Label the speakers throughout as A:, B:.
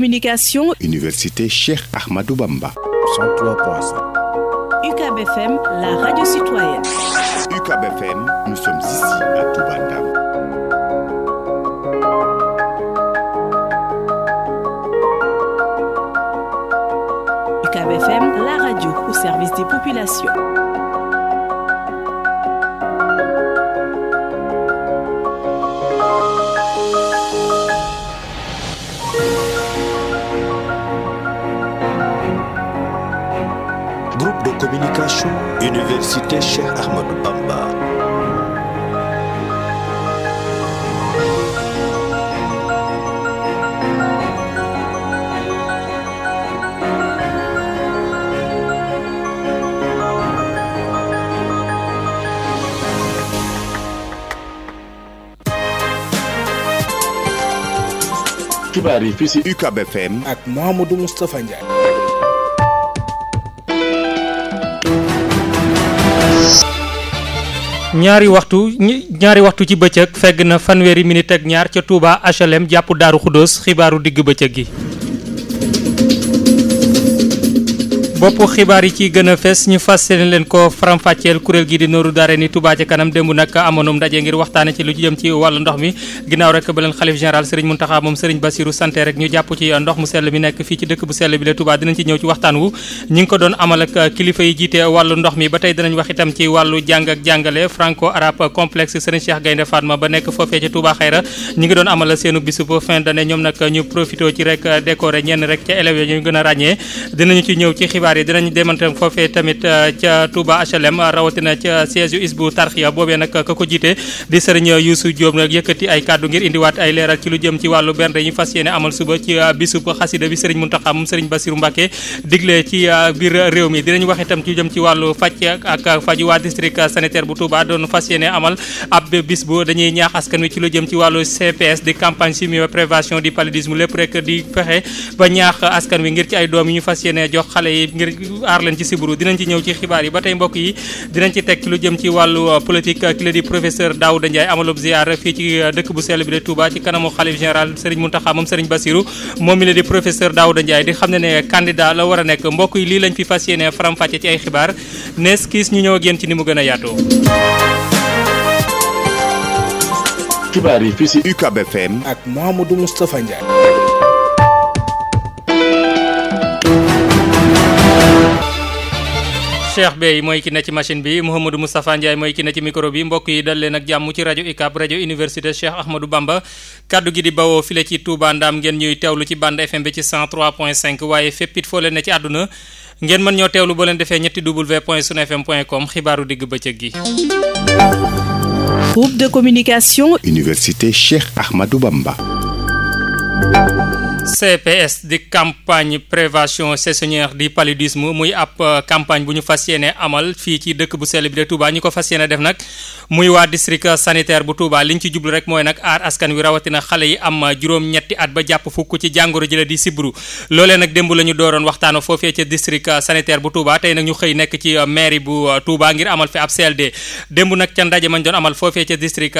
A: communication.
B: Cheikh Ahmadou Bamba.
A: la radio citoyenne. nous sommes ici à Touba Ndam. UCAB FM, la radio au service des populations.
C: communication université Cheikh Ahmadou Bamba.
B: xibaar yi fii ci UCAB
D: FM ak Mouhamadou Moustapha Ndiaye. ñaari waxtu ñaari waxtu ci bëccëg fegg na fanweeri minit ak ñaar ca Touba HLM jàpp Daaru Xuddoos xibaaru diggu bëccëg gi bopp xibaar yi ci gën a fees ñu fas yéene leen ko faram kuréel gi di nooru daare ni Touba ca kanam démb nag amoonum ndaje ngir waxtaane ci lu jëm ci wàllu ndox mi ginnaaw rek ba leen xalif général Serigne Mountakha moom Serigne Bassirou sante rek ñu jàpp mi nekk fii ci dëkk bu sell bi la Touba dinañ ci ñëw ci waxtaan wu ñi ngi ko doon amal ak kilifa yi jiite wàllu ndox mi ba tey dinañ wax itam ci wàllu jàng ak jàngale franco arabe complexe Serigne Cheikh Gaynde Fatma ba nekk foofee ci Touba Xayra ñi ngi doon amal seenu bisub fin d'année ñoom nag ci rek décoré ñenn rek gën a xibaar yi dinañ demantam foofee tamit euh, ca Touba HLM rawatina ca siège yu Hizbut Tarqiyyah boobee nag ka ko jiite di sëriñ Youssou Diop nag yëkkati ay kàddu ngir indiwaat ay leeral ci lu jëm ci wàllu benn yi euh, bi sëriñ Mountakha moom sëriñ Bassirou Mbacké digle ci euh, biir réew mi dinañ wax itam ci lu jëm ci wàllu faj ak faju waa district sanitaire bu Touba doon fas yéene amal ab bis bu dañuy ñaax askan wi ci lu jëm ci wàllu CPS di campagne chimioprévention du di fexe ba ñaax askan ngir aar leen ci siburu dinañ ci ñëw ci xibaar yi ba tey mbokk yi dinañ ci teg lu jëm ci wàllu euh, politique euh, ki di professeur Daouda Ndiaye amalub ziar fii ci euh, dëkk bu sell bi de Touba ci kanamu xalif général Serigne Mountakha moom Serigne Bassirou moom mi la di professeur Daouda Ndiaye di xam ne ne candidat la war a nekk mbokk yi lii lañ fi fas yéene faram ci ay xibaar nees kiis ñu ñëw ak ci ni mu gën a yaatoo Cheikh Bey mooy ki ne ci machine bi Mouhamadou Moustapha Ndiaye mooy ki ne ci micro bi mbokk yi dal leen ak jàmm ci rajo UCAB rajo université Cheikh Ahmadou ngeen ñuy teewlu ci bande leen defee ñetti w point sunfm point com xibaaru digg bëccëg gi.
A: groupe de communication.
B: université Cheikh Ahmadou Bamba.
D: CPS di campagne prévation saisonnière di paludisme muy ab euh, campagne bu ñu fas yéene amal fii ci dëkk bu sell bi de Touba ñu ko fas yéene def nag muy waa district sanitaire bu Touba li ñu ci jublu rek mooy nag aar askan wi rawatina xale yi am euh, juróom-ñetti at ba jàpp fukk ci jàngoro ji la di sibru loolee nag démb la dooroon waxtaanoo foofee ca district euh, sanitaire bu Touba tey nag ñu xëy nekk ci mairie bu Touba ngir amal fi ab CLD démb nag ca ndaje mañ doon amal foofee ca district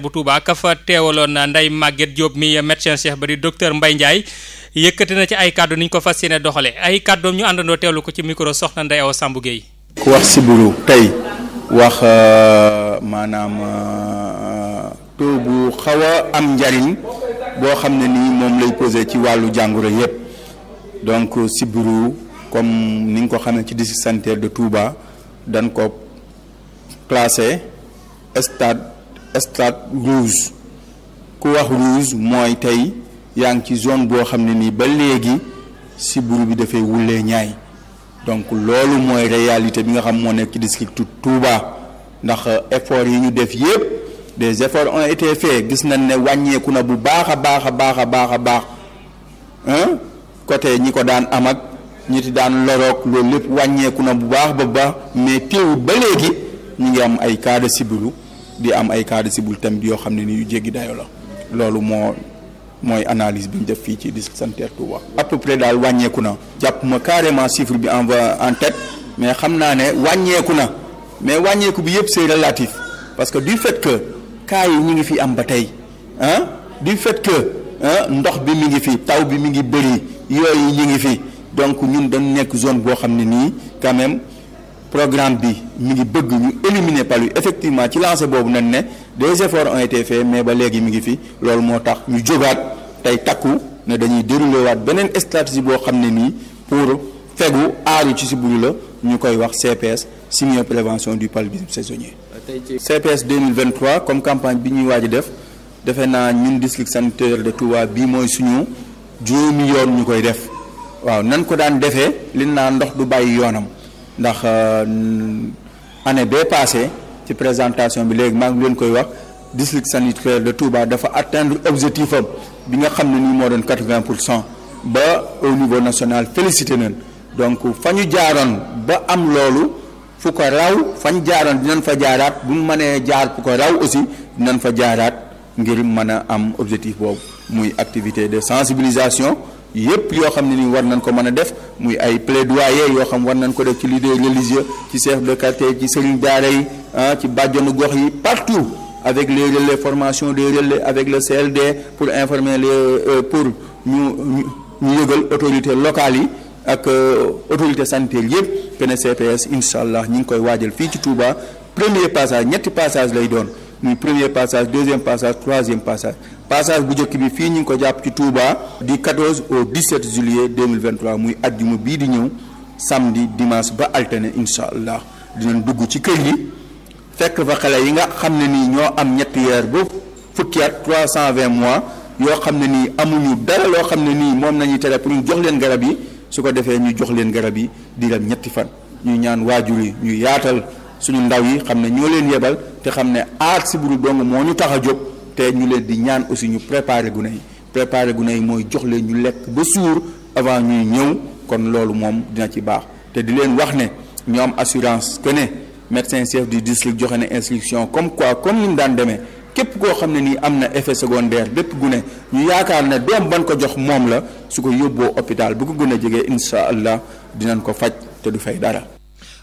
D: bu Touba ka fa teewaloon Ndeye Maguette Diop mi médecin chef ba di docteur Mbaye Ndiaye yëkkati na ci ay kàddu ni ko fas yéene doxale ay kàddoom ñu àndandoo teelu ko ci micro soxna Ndeye Awa Samb Gueye
B: ku wax sibiru tey wax euh, maanaam euh, taux bu xaw am njariñ boo xam ne nii moom lay posé ci wàllu jàngoro yépp donc euh, sibiru comme ni nga ko ne ci district sanitaire de Touba dañ ko classé stade stade rouge ku wax rouge mooy tey yaa ngi ci zone boo xam ne nii ba léegi sibbiru bi dafay wullee ñaay donc loolu mooy réyalité bi nga xam moo nekk ci district Touba ndax effort yi ñu def yépp des efforts ont été faits gis nañ ne wàññeeku na bu baax a baax a baax a baax a baax côté ñi ko daan am ak ñi daan loroog loolu lépp wàññeeku na bu baax ba baax mais teewul ba léegi ñu ngi am ay cas de sibiru di am ay cas de sibiru tamit yoo xam ne nii yu jéggi dayo la loolu moo mooy analyse bi ñu def fii ci district sanitaire Touba. a peu près daal wàññeeku na. jàppuma ma carrément chiffre bi en en tête mais xam naa ne wàññeeku na mais wàññeeku bi yëpp c'est relatif parce que du fait que cas yi ñu ngi fi am ba tey ah du fait que ndox bi mi ngi fi taw bi mi ngi bëri yooyu ñu ngi fi donc ñun dañu nekk zone boo xam ne nii quand même. programme bi mi ngi bëgg ñu éliminer palu effectivement ci lancé boobu nañ ne des efforts ont mais ba léegi mi ngi fi loolu moo tax ñu jógaat tey takku ne dañuy dérouler waat beneen stratégie boo xam ne nii pour fegu aaru ci si la ñu koy wax CPS signe prévention du paludisme saisonnier. CPS 2023 comme campagne bi ñuy waaj def defe naa ñun district sanitaire de Touba bii mooy suñu juróomi yoon ñu koy def waaw nan ko daan defee li naa ndox du bàyyi yoonam. ndax euh, année bee passé ci présentation bi léegi maa ngi leen koy wax district sanitaire de Touba dafa atteindre objectif am bi nga xam ne nii moo doon quatre vingt pour cent ba au niveau national félicité neen donc fa ñu jaaroon ba am loolu fu ko raw fañ jaaroon dinañ fa jaaraat bu ñu mënee jaar fu ko raw aussi dinañ fa jaaraat ngir mën a am objectif boobu muy activité de sensibilisation. yëpp yoo xam ne ni war nañ ko mën a def muy ay plaidoyer yoo xam war nañ ko def ci leader religieux ci chef de quartier ci sëriñ daara yi ah, ci bàjjanu gox yi partout avec les relais formation des relais avec le CLD pour informe le euh, euh, pour ñu ñu yëgal autorités locales yi ak euh, autorités sanitaires yëpp PNCPS incha allah ñu ngi koy waajal fii ci Touba premier passage ñetti passage lay doon. muy premier passage deuxième passage troisième passage passage bu njëkk bi fii ñu ngi ko jàpp ci Touba du 14 au 17 juillet 2023 muy àjjuma bii di ñëw samedi dimanche ba alterné incha allah dinañ dugg ci kër yi fekk fa xele yi nga xam ne nii ñoo am ñetti weer ba fukki at 320 mois yoo xam ne nii amuñu dara loo xam ne nii moom nañuy tere pour ñu jox leen garab yi su ko defee ñu jox leen garab yi di dem ñetti fan ñu ñaan waajur yi ñu yaatal suñu ndaw yi xam ne ñoo leen yebal te xam ne aar sibiru dong moo ñu tax a jóg te ñu leen di ñaan aussi ñu préparer gune yi préparer gune yi mooy jox leen ñu lekk ba suur avant ñuy ñëw kon loolu moom dina ci baax te di leen wax ne ñoom assurance que ne médecin chef du district joxe ne instruction comme quoi comme ni mu daan demee képp koo xam ne nii am na effet secondaire bépp gune ñu yaakaar ne doom ban ko jox moom la su ko yóbboo hôpital bu ko gën a jegee incha allah dinañ ko faj te du fay dara.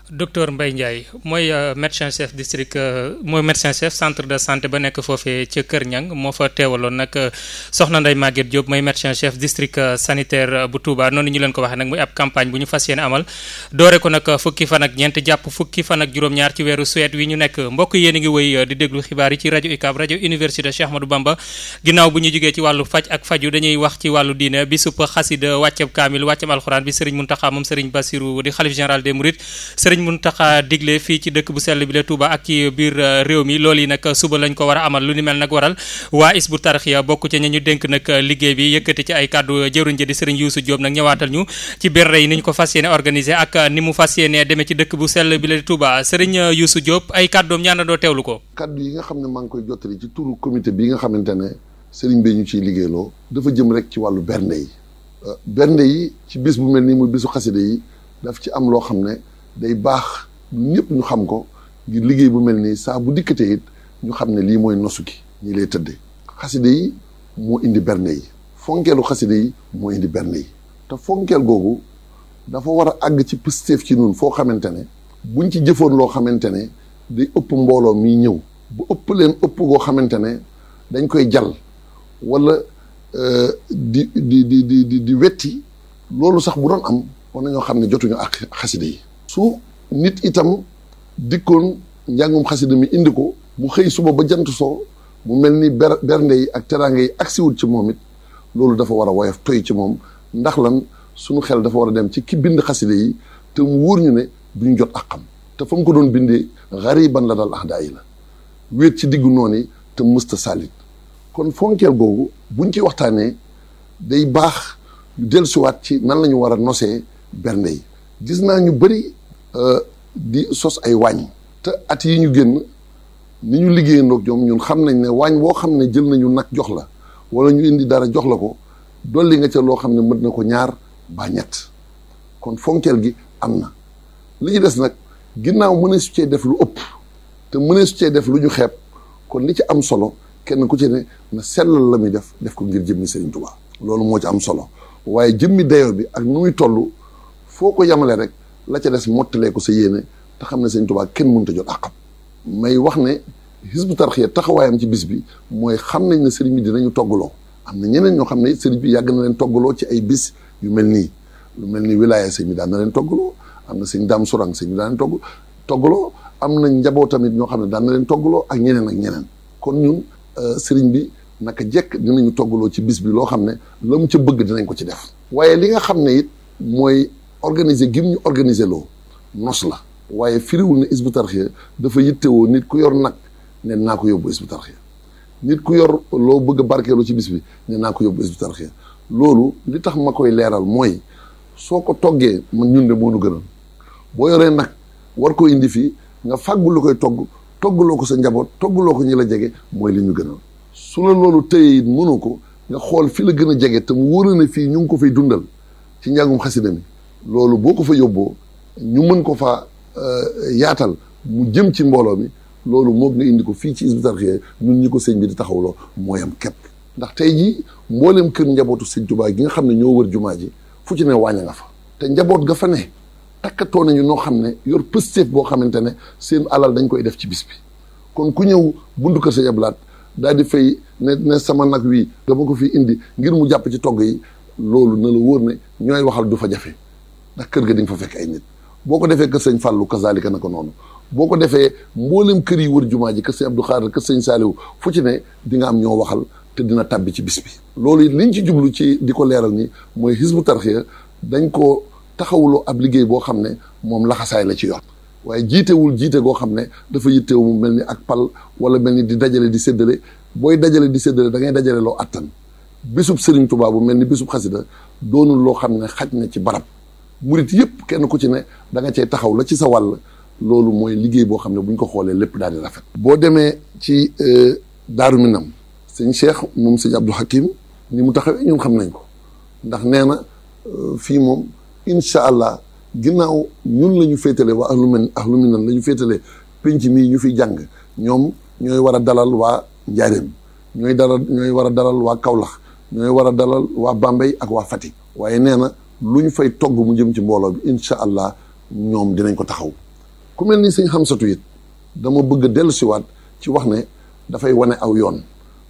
D: docteur mbay Ndiaye mooy euh, médecin chef district euh, mooy médecin chef centre de santé ba nekk foofee ca Kër Ñang moo fa teewaloon nag euh, soxna Ndeye Maguette Diop mooy médecin chef district sanitaire bu Touba noonu ñu leen ko waxee nag muy ab campagne bu ñu fas yéene amal doore ko nag fukki fanak ak ñeent jàpp fukki fan ak juróom-ñaar ci weeru suet wi ñu nekk mbokk yéen a ngi wéy di déglu xibaar yi ci rajo UCAB rajo université Cheikh Ahmadou Bamba ginnaaw bu ñu jógee ci wàllu faj ak faju dañuy wax ci wàllu diine bi supp xasida wàccab kaamil wàccam alxuraan bi Serigne Mountakha moom Serigne Bassirou di xalif général des Mourides sëriñ tax digle fii ci dëkk bu sell bi la Touba ak ci biir uh, réew mi lool yi nag uh, suba lañ ko war a amal lu ni mel nag waral waa Hizbut Tarqiyyah bokk ci ñi ñu dénk nag uh, liggéey bi yëkkati ci ay kàddu jëruñ ji di sëriñ Youssou Diop nag ñëwaatal ñu ci berre yi ni ñu ko fas yéene organiser ak ni mu fas yéene demee ci dëkk bu sell bi la Touba sëriñ Youssou Diop ay kàddoom ñaan doo teewlu ko.
E: kàddu yi nga xam ne maa ngi koy jottali ci turu comité bi nga xamante ne ñu ciy liggéeyloo dafa jëm rek ci wàllu bernde yi yi ci bis bu mel nii bisu xaside yi daf ci am loo xam ne day baax ñëpp ñu xam ko ngir liggéey bu mel nii saa bu dikkatee it ñu xam ne lii mooy nosu gi ñii lay tëddee xaside yi moo indi berne yi fonkeelu xaside yi moo indi berne yi te fonkeel googu dafa war a àgg ci pësteef ci nun foo xamante ne buñ ci jëfoon loo xamante ne day ëpp mbooloo mi ñëw bu ëpp leen ëpp goo xamante ne dañ koy jal wala euh, di di di di wetti loolu sax bu doon am war ñoo xam ne jotuñu ak xaside yi su nit itam dikkoon njàngum xasida mi indi ko mu xëy suba ba jant soo mu mel ni ber bernde yi ak teraanga yi agsiwul ci moom it loolu dafa war a woyof toy ci moom ndax lan suñu xel dafa war a dem ci ki bind xasida yi te mu wóor ñu ne duñ jot àqam te fa mu ko doon bindee xariban la dal ahdaa yi la wéet ci diggu noonu yi te mësta salit kon fonkeel googu buñ ci waxtaanee day baax dellusiwaat ci nan lañu ñu war a nosee bernde yi gis naa ñu bëri euh, di sos ay waañ te at yi ñu génn ni ñu liggéeyandoo ak ñoom ñun xam nañ ne waañ woo xam ne jël nañu nag jox la wala ñu indi dara jox la ko dolli nga ca loo xam ne mën na ko ñaar ba kon fonkeel gi am li ñu des nag ginnaaw mënee su cee def lu ëpp te mënee su cee def lu ñu xeeb kon li ci am solo kenn ku ci ne na sellal la muy def def ko ngir jëmmi Serigne Touba loolu moo ci am solo waaye jëmmi dayoo bi ak nu muy toll foo ko yemale rek la ca des mottalee ko sa yéene te xam ne sëñ Tuubaa kenn mënut a jot àqam may wax ne Hizbut Tarqiyyah taxawaayam ci bis bi mooy xam nañ ne sëriñ bi dinañu toggaloo am na ñeneen ñoo xam ne sëriñ yàgg na leen toggaloo ci ay bis yu mel nii lu mel ni wilaaya sëñ daan na leen toggaloo am na sëñ daam surang sëñ bi daan leen togg am na njaboot tamit ñoo xam ne daan na leen toggaloo ak ñeneen ak ñeneen kon ñun euh, sëriñ bi naka jekk dinañu toggaloo ci bis bi loo xam ne la mu ca bëgg dinañ ko ci def waaye li nga xam ne it mooy organiser gim ñu organiser loo nos la waaye firiwul ne Hizbut Tarqiyyah dafa yittewoo nit ku yor nag ne naa ko yóbbu Hizbut Tarqiyyah nit ku yor loo bëgg a ci bis bi ne naa ko yóbbu Hizbut Tarqiyyah loolu li tax ma koy leeral mooy soo ko toggee man ñun de moo nu gënal boo yoree nag war ko indi fii nga fàggu lu koy togg toggaloo ko sa njaboot toggaloo ko ñi la jege mooy li ñu gënal su la loolu téye it mënoo ko nga xool fii la gën a jege te mu wóor na fii ñu ko fay dundal ci njàngum xasida mi loolu boo ko fa yóbboo ñu mën ko fa euh, yaatal mu jëm ci mbooloo mi loolu moog nga indi ko fii ci Hizbut Tarqiyyah ñun ñi ko sëñ bi di taxawloo mooy am képp ndax tey jii mbooleem kër njabootu sëñ Tuubaa gi nga xam ne ñoo jumaa ji fu ci ne wàññee nga fa te njaboot ga fa ne takkatoo nañu noo xam ne yor pësteef boo xamante ne seen alal dañ koy def ci bis bi kon ku ñëw buntu kër sëñ Ablaat daal di fay ne ne sama nag wii dama ko fii indi ngir mu jàpp ci togg yi loolu na la wóor ne ñooy waxal du fa jafe ndax kër ga di nga fa fekk ay nit boo ko defee kër sëñ Fallou kazalika na ko noonu boo ko defee mboolem kër yi wër jumaa ji kër sëñ Abdou Khadre kër sëñ Saliou fu ci ne di am ñoo waxal te dina tàbbi ci bis bi loolu it liñ ci jublu ci di ko leeral ni mooy Hizbut Tarqiyyah dañ ko taxawuloo ab liggéey boo xam ne moom laxasaay la ci yoon waaye jiitewul jiite goo xam ne dafa yittewu mu mel ni ak pal wala mel ni di dajale di séddale booy dajale di séddale da ngay dajale attan bésub Sëriñ Tuubaa bu mel ni bésub xasida doonul loo xam ne xaj na ci barab murit yëpp kenn ku ci ne da nga cee taxaw la ci sa wàll loolu mooy liggéey boo xam ne bu ñu ko xoolee lépp daal di rafet. boo demee ci euh, daaru minam sëñ Cheikh moom sëñ Abdou Hakim ni mu taxawee ñun xam nañ ko ndax nee na euh, fii moom incha allah ginnaaw ñun la ñu féetale waa ahlu min ahlu minam la ñu féetale penc mii ñu fi jàng ñoom ñooy war a dalal waa Njaareem ñooy dalal ñooy war a dalal waa Kaolack ñooy war a dalal waa Bambey ak waa Fatick waaye nee na. lu ñu fay togg mu jëm ci mbooloo bi incha allah ñoom dinañ ko taxaw ku mel ni xam Xamsatu it dama bëgg a dellu siwaat ci wax ne dafay wane aw yoon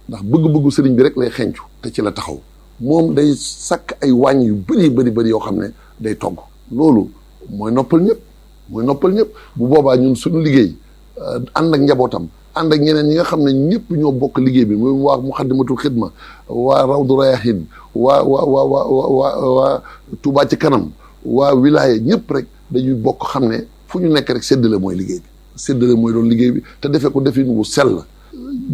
E: ndax bëgg-bëggu sëriñ bi rek lay xencu te ci la taxaw moom day sakk ay wàññ yu bëri bëri bëri yoo xam ne day togg loolu mooy noppal ñëpp mooy noppal ñëpp bu boobaa ñun suñu liggéey euh, ànd ak njabootam ànd ak ñeneen ñi nga xam ne ñëpp ñoo bokk liggéey bi muy waa Muxaddamatul Xidma waa Rawdu Rayahin waa waa waa waa waa waa ci kanam waa wilaaya ñëpp rek dañuy bokk xam ne fu ñu nekk rek séddale mooy liggéey séddale mooy doon liggéey bi te defee ko defin wu sell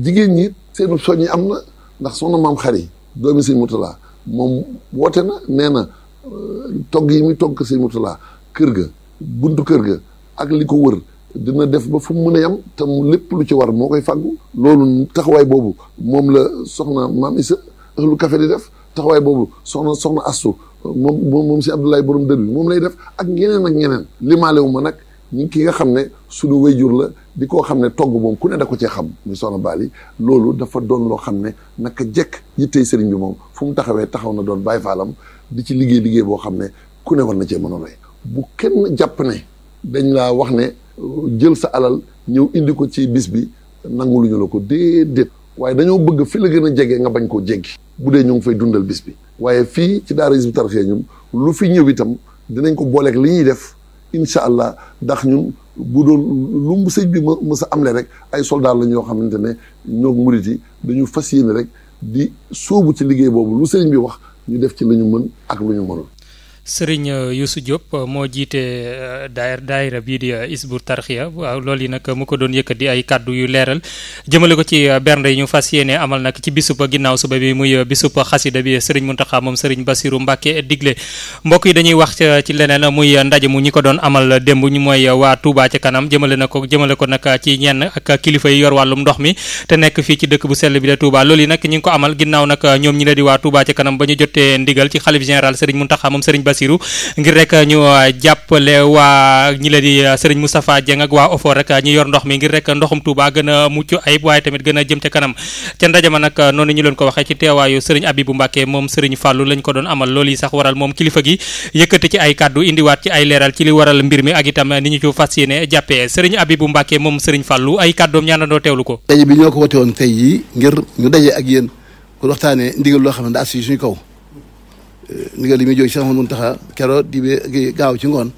E: jigéen ñi seenu soññi am na ndax soxna maam xari doomi sëñ Murtala moom woote na nee na euh, togg yi muy togg sëñ Murtala kër ga buntu kër ga ak li ko wër dina def ba fu mu mën a yem te lépp lu ci war moo koy fàggu loolu taxawaay boobu moom la soxna maam Issa lu café di def taxawaay boobu soxna soxna Astou moom moom si Abdoulaye borom dër bi moom lay def ak ñeneen ak ñeneen limaale wu ma nag ñi ki nga xam ne suñu wayjur la di koo xam ne togg moom ku ne da ko cee xam muy soxna Bali loolu dafa doon loo xam ne naka jekk yittey sëriñ bi moom fu mu taxawee taxaw na doon bàyyi faalam di ci liggéey liggéey boo xam ne ku ne war na cee mën a bu kenn jàpp ne dañ laa wax ne jël sa alal ñëw indi ko ci bis bi nanguluñu la ko déedéet waaye dañoo bëgg fi la gën a jege nga bañ koo jeggi bu dee ñëw fay dundal bis bi waaye fii ci daara Hizbut Tarqiyyah ñun lu fi ñëw itam dinañ ko booleek li ñuy def incha allah ndax ñun bu doon lu sëñ bi ma mës a amle rek ay soldat la ñoo xamante ne ñoog murit yi dañu fas yéene rek di sóobu ci liggéey boobu lu sëñ bi wax ñu def ci la ñu mën ak lu ñu mënul
D: Serigne euh, su Diop euh, moo jiite euh, daayira daayira bii di Isbu Tarxiya waaw lool yi nag mu ko doon di ay kàddu yu leeral jëmale ko ci bernde yi ñu fas yéene amal nag ci bisub ginnaaw suba bi muy bisub xasida bi Serigne Mountakha moom Serigne Bassirou Mbacké digle mbokk yi dañuy wax ci leneen muy ndaje mu ñi ko doon amal démb ñu mooy waa Touba ca kanam jëmale na ko jëmale ko nag ci ñenn ak kilifa yi yor wàllum ndox mi te nekk fii ci dëkk bu sell bi de Touba loolu yi nag ñi ko amal ginnaaw nag ñoom ñi la di waa Touba ca kanam ba ñu jotee ndigal ci xalif général Serigne Mountakha moom Serigne Bassirou ngir rek ñu euh, jàppale waa ñi la di euh, Serigne Moustapha Dieng ak waa OFOR rek ñu yor ndox mi ngir rek ndoxum Touba gën a mucc ayib waaye tamit gën a jëm ca kanam ca ndaje ma nag noonu ñu leen ko waxee ci teewaayu Serigne Abibou Mbacké moom Serigne Fallou lañ ko doon amal loolu yi sax waral moom kilifa gi yëkkati ci ay kàddu indiwaat ci ay leeral ci li waral mbir mi ak itam ni ñu fas yéene jàppee Serigne Abibou Mbacké moom Serigne Fallou ay kàddoom ñaanandoo teewlu
F: ndigal li muy jóge si Sëriñ Muntaxa keroog di gaaw ci ngoon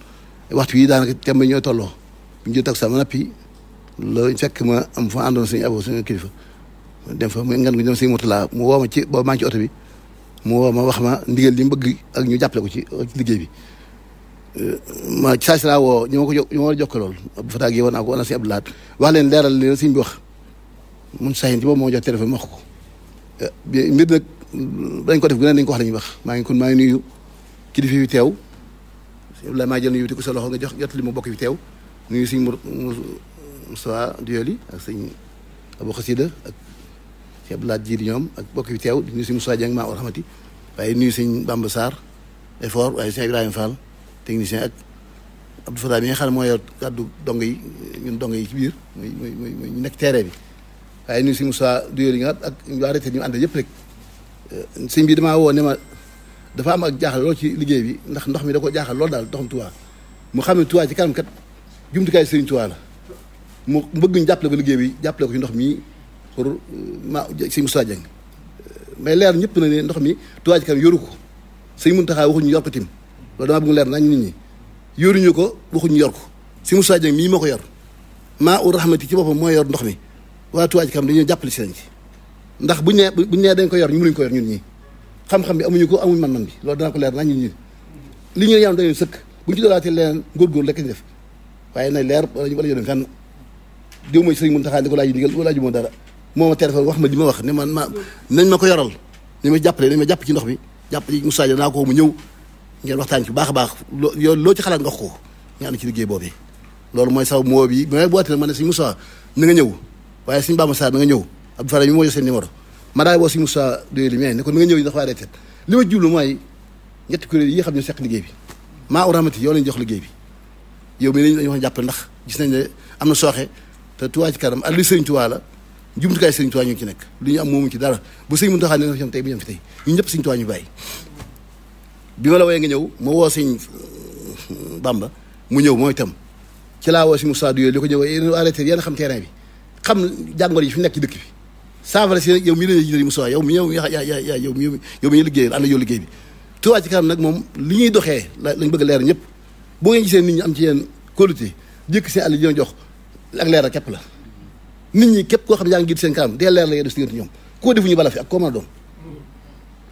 F: waxtu yi daanak temb ñooy tolloo bu ñu jël tax sama loolu fekk ma am fa àndoon suñu abo suñu kilifa dem fa muy mu woo ci boobu maa oto bi mu woo ma wax ma ndigal li mu ak ñu jàppale ko ci liggéey bi ma saa si woo ñu ko jo ñu a jokkoo loolu bu fa tàggee woon naa ko wala si Abdou Lahad wax leen leeral leen suñ bi wax mun saa yi ci boobu moo jox téléphone wax ko dañ ko def gën a nañ ko wax la wax maa ngi kon maa ngi nuyu kilifa yu teew la maa jël na nga jox jot li bokk fi teew nuyu sëñ Moussa Dioli ak sëñ Abou Xasida bokk fi teew nuyu sëñ Moussa Dieng maa warxamati waaye nuyu sëñ Bamba Sarr effort ak Abdou Fatah mi ñun dong yi ci biir muy muy muy ñu nekk ñu arrêté ñu ànd yëpp rek Eh, sëñ bi damaa woo ne ma dafa am ak jaaxal lool ci liggéey bi ndax ndox mi da ko jaaxal loolu daal ndoxum Tuubaa mu xam ne Tuubaa ci kanam kat jumtukaay sëriñ Tuubaa la mu bëgg ñu jàppale ko liggéey bi jàppale ko ci ndox mi pour eh, ma sëñ Moussa Dieng eh, mais leer ñëpp na ndox mi Tuubaa ci yoru ko sëñ Muntaxa waxuñu yor ko tim loolu leer nañ nit ñi yoruñu ko waxuñu yor ko sëñ Moussa Dieng mii moo ko yor maa ur rahmati ci boppam mooy yor ndox mi waa Tuubaa ci kanam dañoo jàppale si lañ ci ndax bu nee bu nee dañ ko yor ñu mënuñ ko xam bi amuñu ko amuñ man-man bi loolu danaa ko leer naa ñun ñi li ñu yam dañu sëkk buñ ci dolaatee leneen góorgóor lekk ñu def waaye na leer wala ñu dem fenn diw mooy sëriñ Muntaxa di ko laaj ndigal wala ju dara moo ma téléphone wax ma ma wax ne man ma nañ ma ko yoral ni ma jàppale nañ ma jàpp ci ndox mi jàpp ci Moussa naa ko mu ñëw ngeen waxtaan ci baax a baax loo loo ci xalaat nga wax ko nga ànd ci liggéey boobee loolu mooy saw moo bi mais boote na ma ne suñ Moussa na nga ñëw waaye suñ Bamba Sarr na nga ñëw Abdou Fall mi moo yor seen numéro ma daay woo si Moussa Doye li mais ne ko na nga ñëw yi ndax waa retraite li ma jublu mooy yi nga xam ne seq liggéey bi maa uramati yow lañ jox liggéey bi yow mii lañ wax jàppale ndax gis nañ am na sooxe te Touba ci kanam ak li Sëriñ Touba la jumtukaay Sëriñ Touba ñu ngi nekk li ñu am moomu ci dara bu sëñ Mountakha ne na fi am tey bu ñu tey ñu ñëpp Sëriñ Touba ñu bàyyi bi ma la woowee nga ñëw ma woo sëñ Bamba mu ñëw mooy itam ci laa woo si Moussa Doye ko ñëw arrêté yéen a xam terrain bi xam jàngoro yi fi nekk ci dëkk bi saafara si nag yow mii la ñuy jëriñ Moussa yow mi yow mi yaa yaa yow mi yow mi ñu liggéeyal ànd yow liggéey bi Touba ci kanam nag moom li ñuy doxee lañ bëgg leer ñëpp boo ngeen gisee nit ñi am ci yeen qualité jëkk seen àll dina jox ak leer a la nit ñi képp koo xam ne yaa ngi gis seen kanam dee leer la yee def si diggante ñoom koo defu ñu ak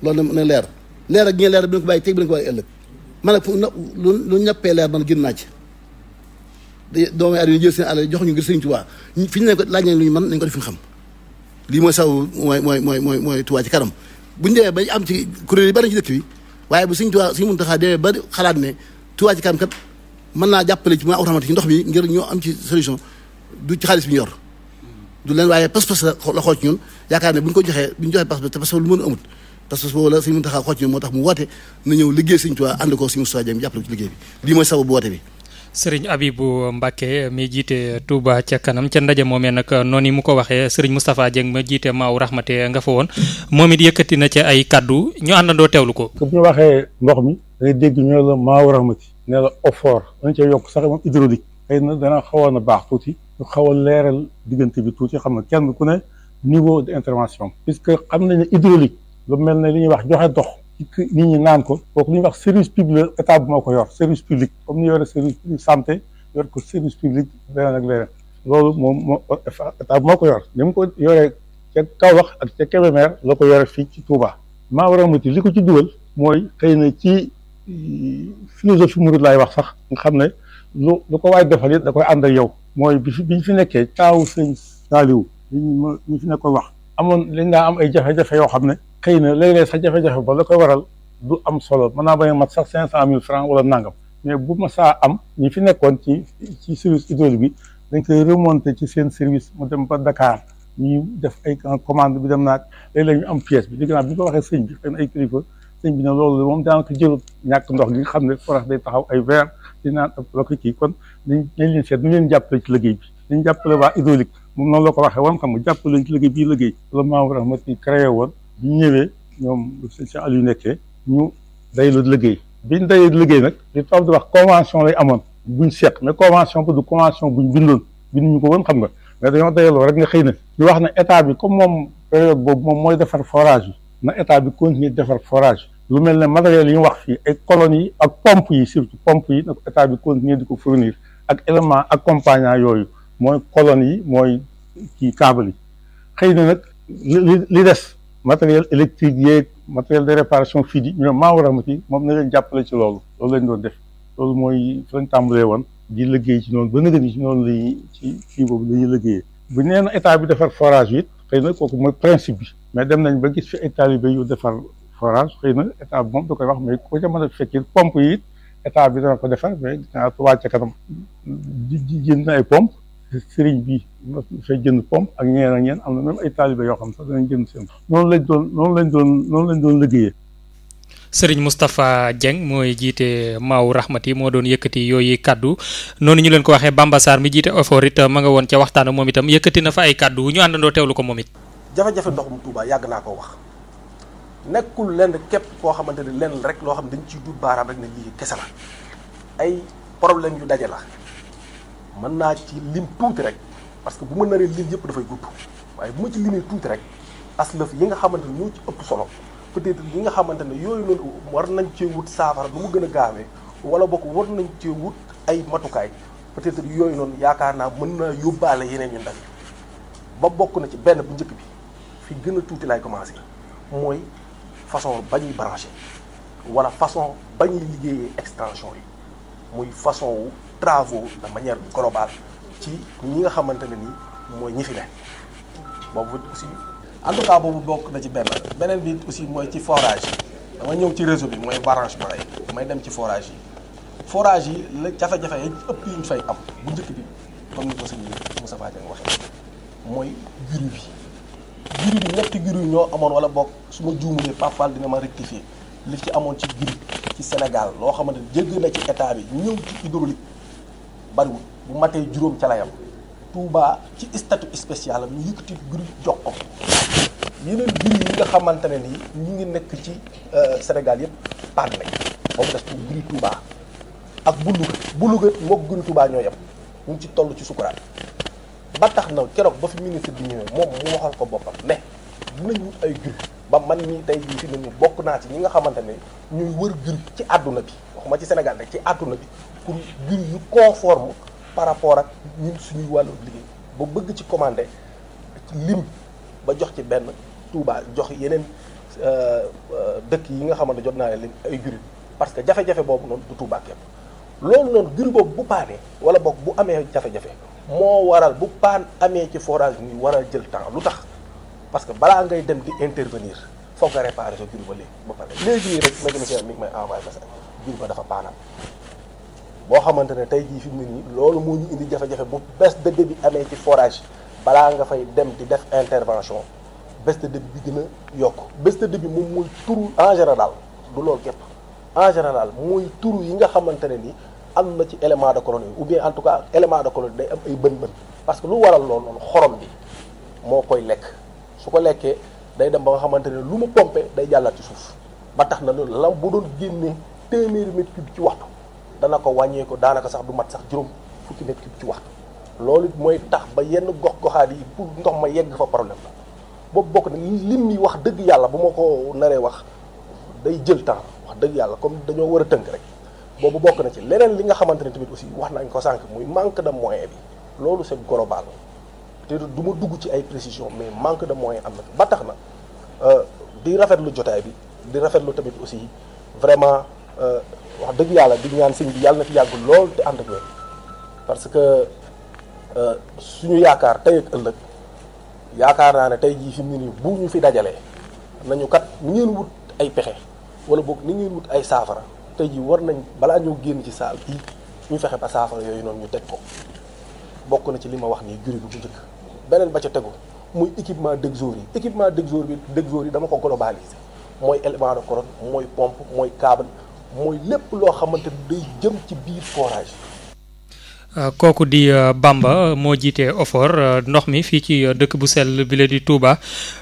F: mën na leer leer ak gi leer bi na ko bàyyi teg bi na ko bàyyi ëllëg man nag lu ñappee leer man gën naa ci doomu aadama jël seen àll jox ñu ngir Sëriñ Tuubaa fi ñu ne ko laaj nañ lu ñu mën nañ ko def ñu xam lii mooy saw mooy mooy mooy mooy mooy Touba ci kanam buñu demee ba am ci kuréel yi bari ci dëkk bi waaye bu suñ Touba suñ Muntaxa demee ba xalaat ne Touba ci kanam kat mën naa jàppale ci mën a ndox mi ngir ñoo am ci solution du ci xaalis bi ñu du leen waaye pas-pas la xool ñun yaakaar ne bu ñu ko joxee bu ñu joxee pas te pas-pas lu a amut parce que boobu la suñ Muntaxa xool ci ñun moo tax mu woote na ñëw liggéey suñ Touba ànd ko suñu Moustapha Dieng jàppale ko ci
D: liggéey saw bu bi sëriñ Abibou Mbacke mi jiite Touba ca kanam ca ndaje moomee nag noonu mu ko waxee sëriñ Moustapha Dieng ma jiite maaw raxmate nga fa woon moom it yëkkati na ci ay kàddu ñu àndandoo teewlu ko. bu
C: ñu waxee ndox mi day dégg ñu la maaw raxmati ne la effort dañ cee yokk sax moom hydraulique xëy na dana xawoon a baax tuuti ñu xaw leeral diggante bi tuuti xam ne kenn ku ne niveau d'intervention. puisque xam nañ ne hydraulique lu mel na li ñuy wax joxe dox. nit ñi naan ko kooku li ñuy wax service public la état moo ko yor service public comme ni yore santé yor ko service public leneen ak leneen loolu moom moo état bi moo ko yor ni ko yoree ca Kaolack ak ca Kébémer la ko yore fii ci Touba maa war a mati li ko ci dugal mooy xëy na ci euh, philosophie murid laay wax sax nga xam ne lu lu ko waay defal it da koy ànd ak yow mooy bi ñu fi nekkee taawu sëñ Saaliw li ñu fi nekkoon wax amoon lañ naa am ay jafe-jafe yoo xam ne xëy na léeg-léeg sa ba la koy waral du am solo mën naa bañ a mat sax cinq cent mille francs wala nangam mais bu ma saa am ñi fi nekkoon ci ci service hydraulique bi dañ koy remonter ci seen service mu dem ba Dakar ñu def ay commande bi dem naag léeg am pièce bi dégg naa ko waxee sëñ bi xëy na ay kilifa sëñ ñàkk ndox gi nga xam ne forage day taxaw ay verre di naan ab la ko kii kon nañ nañ leen seet jàppale ci liggéey bi nañ jàppale waa hydraulique moom noonu la ko waxee woon xam nga jàppale ci liggéey bii liggéey loolu maa ma ci créé woon bi ñu ñëwee ñoom ci àll yu nekkee ñu daylu liggéey biñ dayee liggéey nag li tubaab di wax convention lay amoon buñ seq mais convention ba du convention buñ bindoon ñu ko woon xam nga mais dañoo dayaloo rek nga xëy na ñu wax na état bi comme moom période boobu moom mooy defar forage bi na état bi continuer defar forage lu mel ne matériel yi wax fii ay colonnes yi ak pompe yi surtout pompe yi na ko état bi continuer di ko fournir ak élément accompagnant yooyu mooy colonnes yi mooy kii câble yi xëy na matériel électrique yeeg matériel de réparation fii di ñu ne maa war a amati moom na leen jàppale ci loolu loolu lañ doon def loolu mooy fa lañ tàmbalee woon di liggéey ci noonu ba nga ni ci noonu lañuy ci fii boobu la ñuy liggéeyee bu nee na état bi defar forage it xëy na kooku mooy principe bi mais dem nañ ba gis fi ay talibé yu defar forage xëy na état bi moom da koy wax mais ko ca mën a fekkee pompe yi état bi dana ko defar mais dinaa Touba kanam di jënd na ay pompe sëriñ bi dafay jënd pompe ak ñeen ak ñeen am na même ay taalibe yoo xam sax danañ jënd seen doon noonu lañ doon noonu lañ doon liggéeyee
D: sëriñ Moustapha Dieng mooy jiite Maawu Rahmati moo doon yëkkati yooyu kàddu noonu ñu leen ko waxee Bamba Sarr mi jiite OFOR it ma nga woon ca waxtaan moom itam yëkkati na fa ay kaddu ñu àndandoo teewlu ko moom it
G: jafe-jafe ndoxum Touba yàgg naa koo wax nekkul lenn képp koo xamante ne lenn rek loo xam ne dañ ci dut baaraam rek ne lii kese la ay problème yu daje la mën naa ci lim tuuti rek parce que bu mën na naree lim yëpp dafay gudd waaye bu ma ci limee tuuti rek aslëf yi nga xamante ne ñoo ci ëpp solo peut-être yi nga xamante ne yooyu noonu war nañ cee wut saafara nu mu gën a gaawee wala bokk war nañ cee wut ay matukaay peut-être yooyu noonu yaakaar naa mën naa yóbbaale yeneen ñu ndax ba bokk na ci benn bu njëkk bi fi gën a tuuti laay commencé mooy façon ba ñuy branché wala façon ba ñuy liggéeyee extension yi muy façon travaux de manière globale ci ñi nga xamante ne nii mooy ñi fi ne boobu aussi en tout cas boobu bokk na ci benn beneen bii aussi mooy ci forage dama ñëw ci réseau bi mooy branchement yi mooy dem ci forage yi forage yi la jafe ëpp yi fay am bu njëkk bi mooy guru bi ñetti guru yi ñoo amoon wala bokk su ma juumulee Fapal dina ma rectifier li ci amoon ci guru ci Sénégal loo xamante ni na ci état bi ñëw ci hydraulique bariwul bu matee juróom ca la yam ci statut spécial am ñu yëkkati groupe jox ko yeneen biir yi nga xamante ne nii ñu ngi nekk ci euh, Sénégal yëpp paan nañ ba mu des pour ak bu Louga bu Louga moog giri Touba ñoo yem ñu ngi ci toll ci sukuraat ba tax na keroog ba fi ministre bi ñëwee moom mu waxal ko boppam ne dinañ ñu ay groupe ba man ñu tey jii fi ne nii bokk naa ci ñi nga xamante ne ñuy wër groupe ci àdduna bi wax ma ci Sénégal rek ci àdduna bi pour jur yu conforme par rapport ak ñun suñuy wàllu liggéey ba bëgg ci commandé lim ba jox ci benn Touba jox yeneen euh, euh, dëkk yi nga xamante jot naa leen ay jur parce que jafe-jafe boobu noonu du Touba képp loolu noonu jur boobu bu paanee wala boog bu amee jafe-jafe moo waral bu paan amee ci forage bi war a jël temps lu tax parce que balaa ngay dem di intervenir foog nga réparer sa jur ba léegi léegi rek mécanicien mi ngi may envoyé message jur ba dafa paanam boo xamante ne tey jii fi mu ne nii loolu moo ñu indi jafe-jafe bu baisse de débit amee ci forage balaa nga fay dem di def intervention baisse de débit bi dina yokk baisse de débit moom mooy turu en général du loolu képp en général mooy turu yi nga xamante ne ni am na ci élément de colonie ou bien en tout cas élément de colonie day am ay bën-bën parce que lu waral loolu noonu xorom bi moo koy lekk su ko lekkee day dem ba nga xamante ne lu mu pompé day jàllaat ci suuf ba tax na loolu la bu doon génne téeméeri mètre cube ci waxtu dana ko wàññeeku daanaka sax du mat sax juróom fukki mètre cube ci waxtu loolu mooy tax ba yenn gox goxaat yi pour ndox ma yegg fa problème la boobu bokk na lim yi wax dëgg yàlla bu ma ko naree wax day jël temps wax dëgg yàlla comme dañoo war a tënk rek boobu bokk na ci leneen li nga xamante ne tamit aussi wax nañ ko sànq muy manque de moyen bi loolu c'est global te du ma dugg ci ay précision mais manque de moyen am na ba tax na euh, di rafetlu jotaay bi di rafetlu tamit aussi vraiment euh, wax dëgg yàlla di ñaan bi yàlla na fi yàggul lool te ànd ak wér parce que euh, suñu yaakaar tey ak ëllëg yaakaar naa ne tey jii fi mu ne bu ñu fi dajalee nañu kat ni ngeen wut ay pexe wala boog ni ngeen wut ay saafara tey jii war nañ balaa ñoo génn ci saal bii ñu fexe ba saafara yooyu noonu ñu teg ko bokk na ci li ma wax nii juri bi bu njëkk beneen ba ca tegu muy équipement dëgg jour yi équipement dëgg jour yi dama ko globaliser mooy élément de mooy pompe mooy câble mooy lépp loo xamante ni day jëm ci biir forage
D: Euh, kooku di euh, Bamba euh, moo jiite Ofor ndox mi fii ci dëkk bu sell bi la di Touba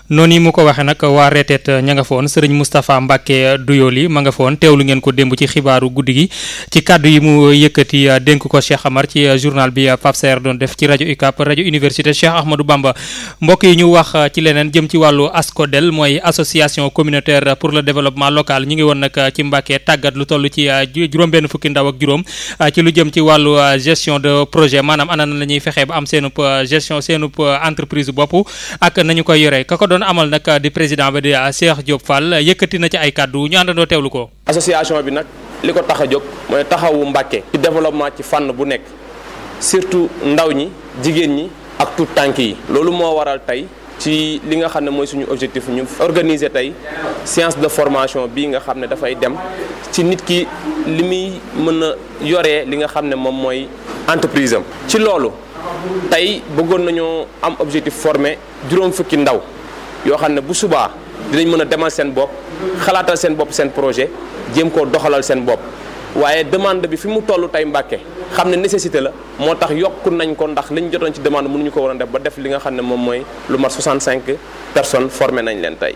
D: noonu yi mu ko waxee nag waa reeteet ña nga foon sëriñ Moustapha Mbacke Doyoly ma nga teew lu ngeen ko démb ci xibaaru guddi gi ci kàddu yi mu yëkkati dénk ko Cheikh Amar ci journal bi Pape Saer doon def ci rajo UCAP rajo université Cheikh Ahmadou Bamba mbokk yi ñu wax ci leneen jëm ci wàllu ASCODEL mooy association communautaire pour le développement local ñu ngi woon nag ci Mbacke tàggat lu toll ci juróom-benn fukki ndaw ak juróom ci jëm ci wàllu de projet maanaam ana na la ñuy fexee ba am seenu euh, gestion seenu euh, entreprise bopp ak nañu koy yoree ka ko doon amal nag di président ba di euh, Cheikh Diop Fall yëkkati na ci ay kàddu ñu àndandoo teewlu ko.
H: association bi nag li ko tax a jóg mooy taxawu Mbàkke ci développement ci fànn bu nekk surtout ndaw ñi jigéen ñi ak tout tànk yi loolu moo waral tey. ci li nga xam ne mooy suñu objectif ñu organiser tey séance de formation bi nga xam ne dafay dem ci nit ki li muy mën a yoree li nga xam ne moom mooy entreprise am ci loolu tey bëggoon nañoo am objectif formé juróom fukki ndaw yoo xam ne bu subaa dinañ mën a demal seen bopp xalaatal seen bopp seen projet jéem koo doxalal seen bopp waaye demande bi fi mu toll tey Mbàkke xam ne nécessité la moo tax yokk nañ ko ndax li ñu jotoon ci demande mënuñu ko war a def ba def li nga xam ne moom mooy lu mat 65 personnes formé nañ leen tey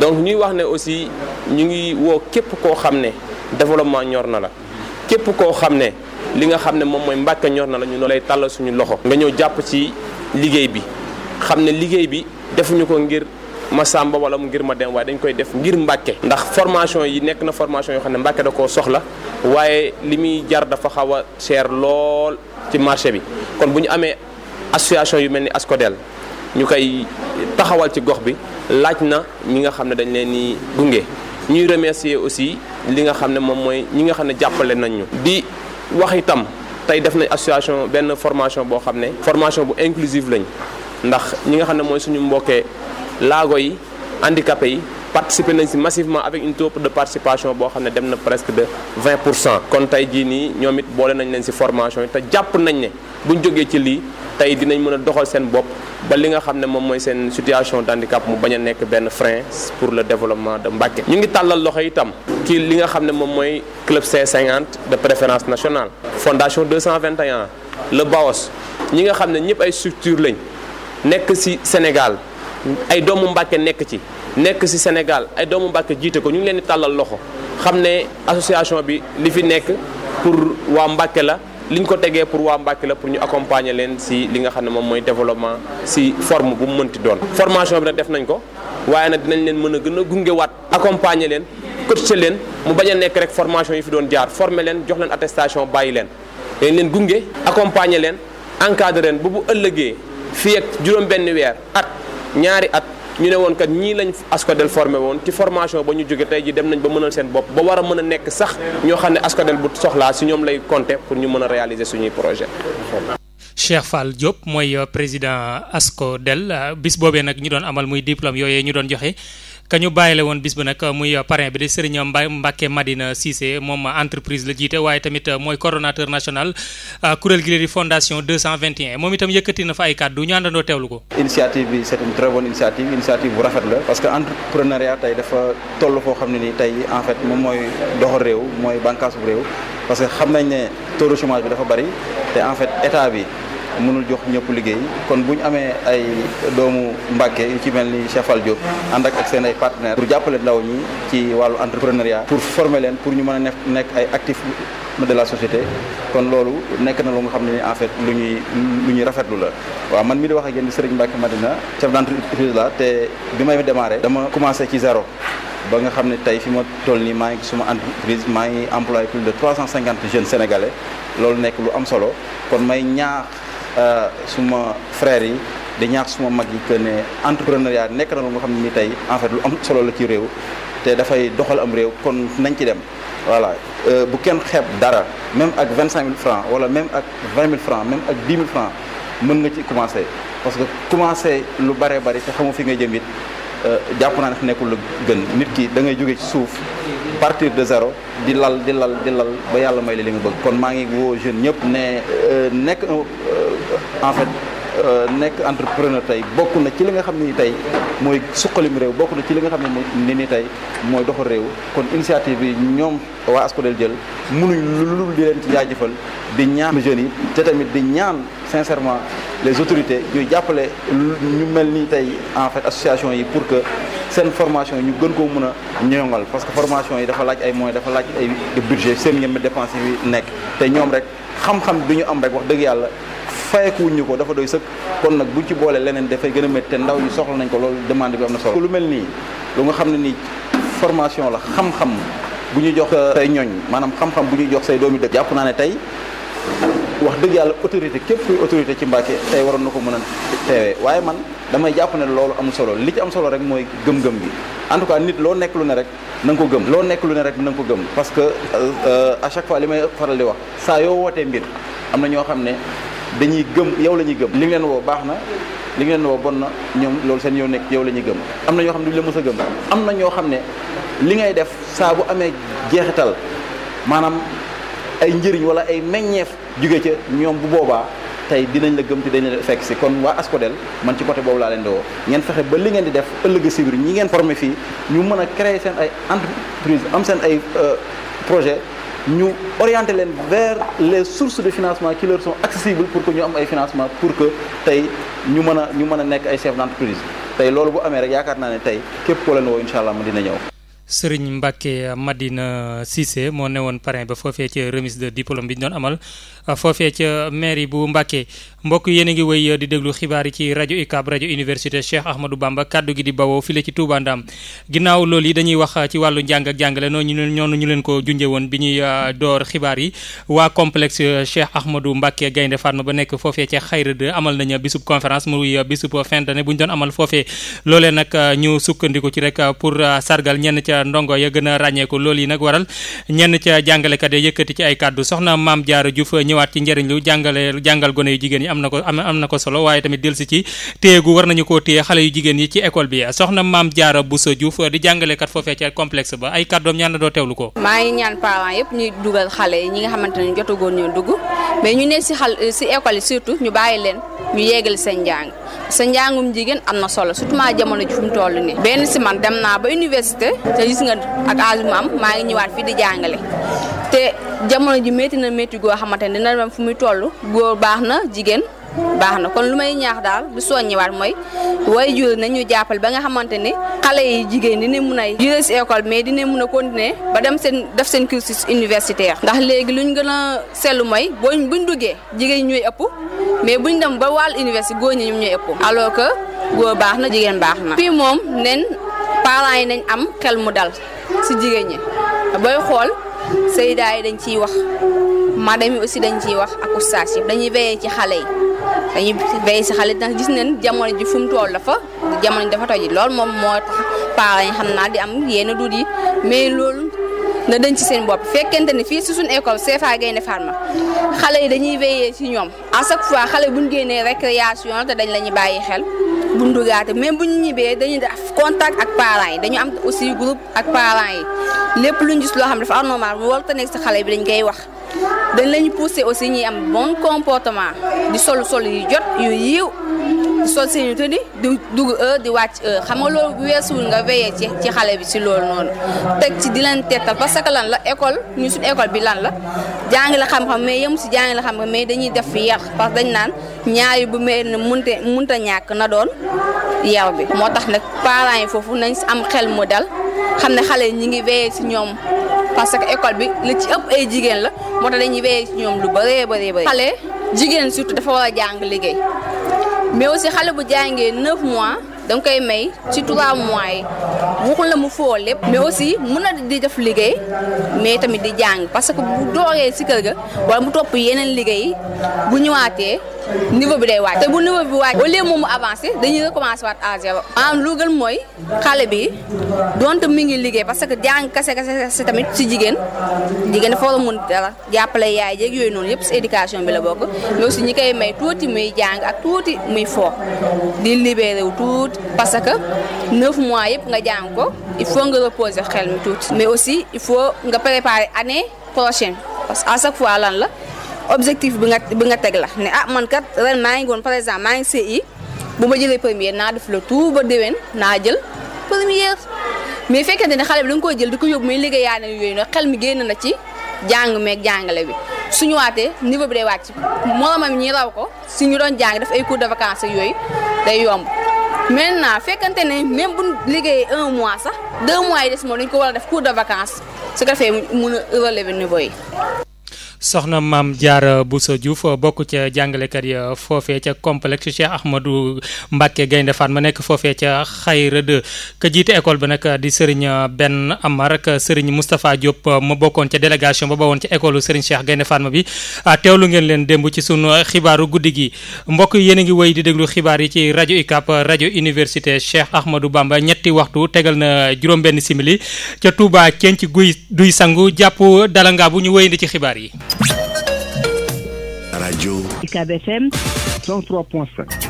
H: donc ñuy wax ne aussi ñu ngi woo képp koo xam ne développement ñor na la képp koo xam ne li nga xam ne moom mooy Mbàkke ñor na la ñu noo lay tàll suñu loxo nga ñëw jàpp ci liggéey bi xam ne liggéey bi defuñu ko ngir ma sàmba wala mu ngir ma dem waaye dañ koy def ngir Mbàkke ndax formation yi nekk na formation yoo xam ne Mbàkke da koo soxla waaye li muy jar dafa xaw a cher lool ci marché bi kon bu ñu amee association yu mel ni ASCODEL ñu koy taxawal ci gox bi laaj na ñi nga xam ne dañ leen di gunge ñuy remercier aussi li nga xam ne moom mooy ñi nga xam ne jàppale nañ ñu di wax itam tey def nañ association benn formation boo xam ne formation bu inclusive lañ ndax ñi nga xam ne mooy suñu mbokkee laago yi handicapé yi participer nañ si massivement avec une taux de participation boo xam ne dem na presque de 20 pour cent kon tey jii nii ñoom it boole nañ leen si formation yi te jàpp nañ ne buñ jógee ci lii tey dinañ mën a doxal seen bopp ba li nga xam ne moom mooy seen situation d' handicap mu bañ a nekk benn frein pour le développement de Mbacké ñu ngi tàllal loxo itam kii li nga xam ne moom mooy club C50 de préférence nationale fondation 221 le BAOS ñi nga xam ne ñëpp ay structure lañ nekk si Sénégal ay doomu Mbacké nekk ci nekk ci Sénégal ay doomu Mbàkke jiite ko ñu ngi leen di tàllal loxo xam ne association bi li fi nekk pour waa Mbàkke la li liñ ko tegee pour waa Mbàkke la pour ñu accompagner leen ci li nga xam ne moom mooy développement ci forme bu mu mënti doon. formation bi nag def nañ ko waaye nag dinañ leen mën a gën a gungewaat accompagner leen coacher leen mu bañ a nekk rek formation yi fi doon jaar former leen jox leen attestation bàyyi leen dañ leen gunge accompagner leen encadrer leen bu bu ëllëgee fii ak weer at ñaari at. ñu ne woon kat ñii lañ ASCODEL formé woon ci formation ba ñu jógee tey ji dem nañ ba mënal seen bopp ba war a mën a nekk sax ñoo xam ne ASCODEL bu soxlaa si ñoom lay compter pour ñu mën a réaliser suñuy projet
D: Cheikh Fall Diop mooy euh, président ASCODEL bis boobee nag ñi doon amal muy diplôme yooyee ñu doon joxe ka ñu bàyyile woon bis ba nag muy parrain bi di Serigne Mbaye Mbacke Madina Cissé moom entreprise la jiite waaye tamit mooy coordonnateur national euh, kuréel gi di fondation 221 moom itam yëkkati na fa ay kàddu ñu àndandoo teewlu ko.
I: initiative bi c'est une très bonne initiative initiative bu rafet la parce que entrepreneuriat tey dafa toll foo xam ne nii tey en fait moom mooy doxal réew mooy bànqaas bu réew parce que xam nañ ne taux de chômage bi dafa bari te en fait état bi. mënul jox ñëpp liggéey kon bu ñu amee ay doomu Mbàkke yi ci mel ni Cheikh Fall Diop ànd ak seen ay partenaires pour jàppale ndaw ñi ci wàllu entrepreneuriat pour former leen pour ñu mën a nekk ay actifs de la société kon loolu nekk na lu nga xam ne en fait lu ñuy lu ñuy rafetlu la waaw man mi di wax ak yéen di Serigne Mbacke Madina chef d'entreprise la te bi may demare dama commencé ci zéro ba nga xam ne tey fi ma toll nii maa ngi suma entreprise maa ngi employé plus de 350 jeunes sénégalais loolu nekk lu am solo Euh, suma frères yi di ñaax suma mag yi que ne entrepreneuriat nekk na lu nga xam ne ni tey en fait lu am solo la ci réew te dafay doxal am réew kon nañ ci dem voilà euh, bu kenn xeeb dara même ak 25000 francs wala même ak 20000 francs même ak 10000 francs mën nga ci commencer parce que commencer lu bare bari te xamu fi nga jëm it Euh, jàpp naa ne nekkul la gën nit ki da ngay jóge ci suuf partir de zéro di lal di lal di lal ba yàlla may la li nga bëgg kon maa ngi woo jeune ñëpp ne euh, nekk euh, en fait Euh, nekk entrepreneur tey bokk na ci li nga xam ne ni tey mooy suqalim réew bokk na ci li nga xam ne ni tey mooy doxal réew kon initiative bi ñoom waa ASCODEL jël mënuñ lu dul di leen ci jaajëfal di ñaan jeunes yi te tamit di ñaan sincèrement les autorités ñuy jàppale ñu mel ni tey en fait association yi pour que seen formation ñu gën koo mën a ñoŋal parce que formation yi dafa laaj ay moyens dafa laaj ay budget seen ñeme dépense yi nekk te ñoom rek xam-xam am rek wax dëgg yàlla fayeku wuñ ñu ko dafa doy sëkk kon nag buñ ci boolee leneen dafay gën a métti te ndaw yi soxla nañ ko loolu demande bi am na solo lu mel nii lu nga xam ne nii formation la xam bu ñu jox say ñooñ maanaam xam bu ñuy jox say doomi dëkk jàpp naa ne tey wax dëgg yàlla autorité képp kuy autorité ci Mbàkke tey waroon na ko mën a waaye man damay jàpp ne loolu am solo li ci am solo rek mooy gëm-gëm bi en tout cas nit loo nekk lu ne rek na ko gëm loo nekk ne rek na ko gëm parce que euh, euh, à chaque fois li may faral di wax saa yoo wootee mbir am na ñoo xam ne dañuy gëm yow la ñuy gëm li nga leen woo baax na li nga leen woo bon na ñoom loolu seen yow nekk yow la ñuy gëm am na ñoo xam ne duñ la mës a gëm am na ñoo xam ne li ngay def saa bu amee jeexital maanaam ay njëriñ wala ay meññeef jóge ca ñoom bu boobaa tey dinañ la gëm te dañ la fekk si kon waa ASCODEL man ci côté boobu laa leen di woo ngeen fexe ba li ngeen di def ëllëg si biir ñi ngeen formé fii ñu mën a créer seen ay entreprise am seen ay euh, projet ñu oriente leen vers les sources de financement qui leur sont accessibles pour que ñu am ay financement pour que tey ñu mën a ñu mën a nekk ay chef d'entreprise tey loolu bu amee rek yaakaar naa ne tey képp ko leen woo incha allah ma dina ñëw.
D: Serigne Mbacke Madina Cissé moo newoon parrain ba foofee ci remise de diplôme bi ñu doon amal. Euh, foofee ca mairie bu Mbàkke mbokk yéen a ngi wéy di déglu xibaar yi ci rajo UCAB rajo université Cheikh Ahmadou Bamba kaddu gi di bawoo file ci Touba Ndam ginnaaw loolu yi dañuy wax ci wàllu njàng ak jàngale noonu ñu leen ko junje woon bi ñuy euh, xibaar yi waa complexe euh, Cheikh Ahmadou Mbacke Gaynde Fatma ba nekk foofee ca Xayra de na nañu bisub conférence muy bisub fin d'année bu ñu doon amal foofee loolee nag ñu sukkandiku ci rek pour sargal ñenn ca ndongo ya gën a ràññeeku lool yi nag waral ñenn ca jàngalekat ya yëkkati ci ay kaddu soxna Maam ñëwaat ci njëriñ lu jàngale jàngal gone yu jigéen yi am na ko am na ko solo waaye tamit dellu si ci téyegu war nañu koo téye xale yu jigéen yi ci école bi soxna Maam Jaara Bousso Diouf di jàngalekat foofee ca complexe ba ay kàddoom ñaan la doo teewlu ko
A: maa ngi ñaan parents yëpp ñuy dugal xale yi ñi nga xamante ne jotagoon ñoo dugg mais ñu ne si xal si école yi surtout ñu bàyyi leen ñu yeegal seen njàng sa njàngum jigéen am na solo surtout maa jamono ji fu mu toll nii. benn si man dem naa ba université te gis nga ak âge maa ngi ñëwaat fii di jàngale te jamono ji métti na métti goo xamante ne dina dem fu muy toll góor baax na jigéen. baax na kon lu may ñaax daal di waat mooy waay waajur nañu jàppale ba nga xamante ni xale yi jigéen dina mun a jëlee si école mais dina mun a continuer ba dem seen def seen cursus universitaire. ndax léegi luñ gën a seetlu mooy booñ buñ duggee jigéen ñuy ëpp mais buñ dem ba wàll université góor ñu ñoom ñooy ëpp. alors que góor baax na jigéen baax na. fii moom nen parents yi nañ am xel mu dal si jigéen ñi booy xool seydaa yi dañ ciy wax. madame yi aussi dañu ciy wax ak oustaz yi dañuy veillé ci xale yi dañuy veillé si xale yi ndax gis nañ jamono ji fu mu toll dafa jamono ji dafa toj lool moom moo tax parents yi xam naa di am yenn dut yi mais loolu na dañ ci seen bopp fekkente ne fii si suñu école CFA Gaïndé Fatma xale yi dañuy veillé si ñoom à chaque fois xale bu ñu génnee récréation te dañ la ñu bàyyi xel bu ñu dugaate même bu ñu ñibbee dañuy def contact ak parents yi dañu am aussi groupe ak parents yi lépp luñ gis loo xam dafa anormal mu war ta nekk si xale bi dañ koy wax. dañ lañu pousser aussi ñuy am bon comportement di sol sol yu jot yu yiw sol seeni tëddi di dugg di wàcc heure xam nga loolu bu weesuwul nga wéyee ci ci xale bi si loolu noonu teg ci di leen tettal parce que lan la école ñu suñ école bi lan la jàngi la xam-xam mais yemu si jàngi la xam-xam mais dañuy def yar parce que dañ naan ñaari bu mel ne munte munta ñàkk na doon yar bi moo tax nag parents yi foofu nañ si am xel mu dal xam ne xale ñi ngi wéyee si ñoom parce que école bi li ci ëpp ay jigéen la moo tax dañuy wéyee si ñoom lu bëree bëree bëri xale jigéen surtout dafa war a jàng liggéey mais aussi xale bu jàngee 9 mois danga koy may ci 3 mois yi waxul la mu foo lépp. mais aussi mun na di def liggéey mais tamit di jàng parce que bu dooree si kër ga wala mu topp yeneen liggéey bu ñëwaatee. niveau bi de wàcc te bu niveau bi wàcc au lieu moom mu avancé dañuy recommencer waat à zéro maanaam lu gën mooy xale bi donte mi ngi liggéey parce que jàng kase kase si tamit si jigéen jigéen dafa war a mun dara jàppale yaay jeeg yooyu noonu yëpp si éducation bi la bokk mais aussi ñi koy may tuuti muy jàng ak tuuti muy foo di libéré wu tuuti parce que neuf mois yëpp nga jàng ko il faut nga reposer xel mi tuuti mais aussi il faut nga préparer année prochaine parce que à chaque fois lan la objectif bi nga bi nga teg la ne ah man kat ren maa ngi woon par exemple maa ngi CI bu ma jëlee première naa def le tout ba déwén naa jël première mais fekkente ne xale bi da nga koy jël di ko yóbbu muy liggéeyaane yooyu nag xel mi génn na ci jàng meeg jàngale bi suñu waatee niveau bi day wàcc moromam ñi raw ko si ñu doon jàng def ay cours de vacances ak yooyu day yomb maintenant fekkante ne même bu liggéeyee un mois sax deux mois yi des moom dañ ko war a def cours de vacances su ko defee mun a relever niveau yi
D: soxna maam Diarra Bousso Diouf bokk ca jàngalekat ya foofee ca complexe Cheikh Ahmadou Mbacke Gaynde ma nekk foofee ca Xayra 2 ka jiite école ba nag di Serigne benn Amar ak Serigne Moustapha Diop ma bokkoon ca délégation ba bawoon ca école Serigne Cheikh Gaynde Fatma bi ah, teewlu ngeen leen démb ci sunu xibaaru guddi gi mbokk yéen a ngi woy di déglu xibaar yi ci rajo UCAB rajo université Cheikh Ahmadou Bamba ñetti waxtu tegal na juróom-benn simili ca Touba Kenc guy duy sangu jàpp dalanga bu ñu wéyandi ci xibaar yi.
B: rajo UCAB FM 103.5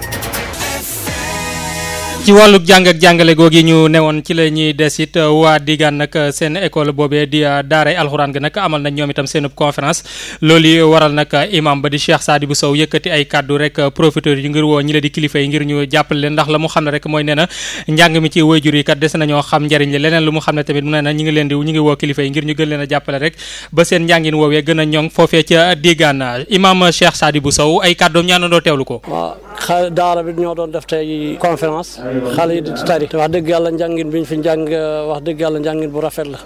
D: ci wàllu jàng ak jàngale googi ñu newoon ci la ñuy des it euh, waa digaan nag euh, seen école boobee di euh, daaray alxuraan gi nag amal nañ ñoom itam seen conférence loolu yi waral nag imam ba di Cheikh Sadibou Sow yëkkati ay kàddu rek profiteurs yi ngir woo ñi la di kilifa yi ngir ñu jàppale leen xam ne rek mooy nee na njàng mi ci wayjur yi kat li leneen lu mu xam ne tamit mu nee na ñi ngi leen di ñi ngi woo kilifa yi ngir ñu gën leen a jàppale rek ba seen njàngin woowee gën a ñoŋ foofee ca digaan imam Cheikh Sadibou Sow ay kàddoom ñaanandoo teewlu ko
J: xale yi di tari te wax dëgg yàlla njàngin biñ fi njàng wax dëgg yàlla njàngin bu rafet la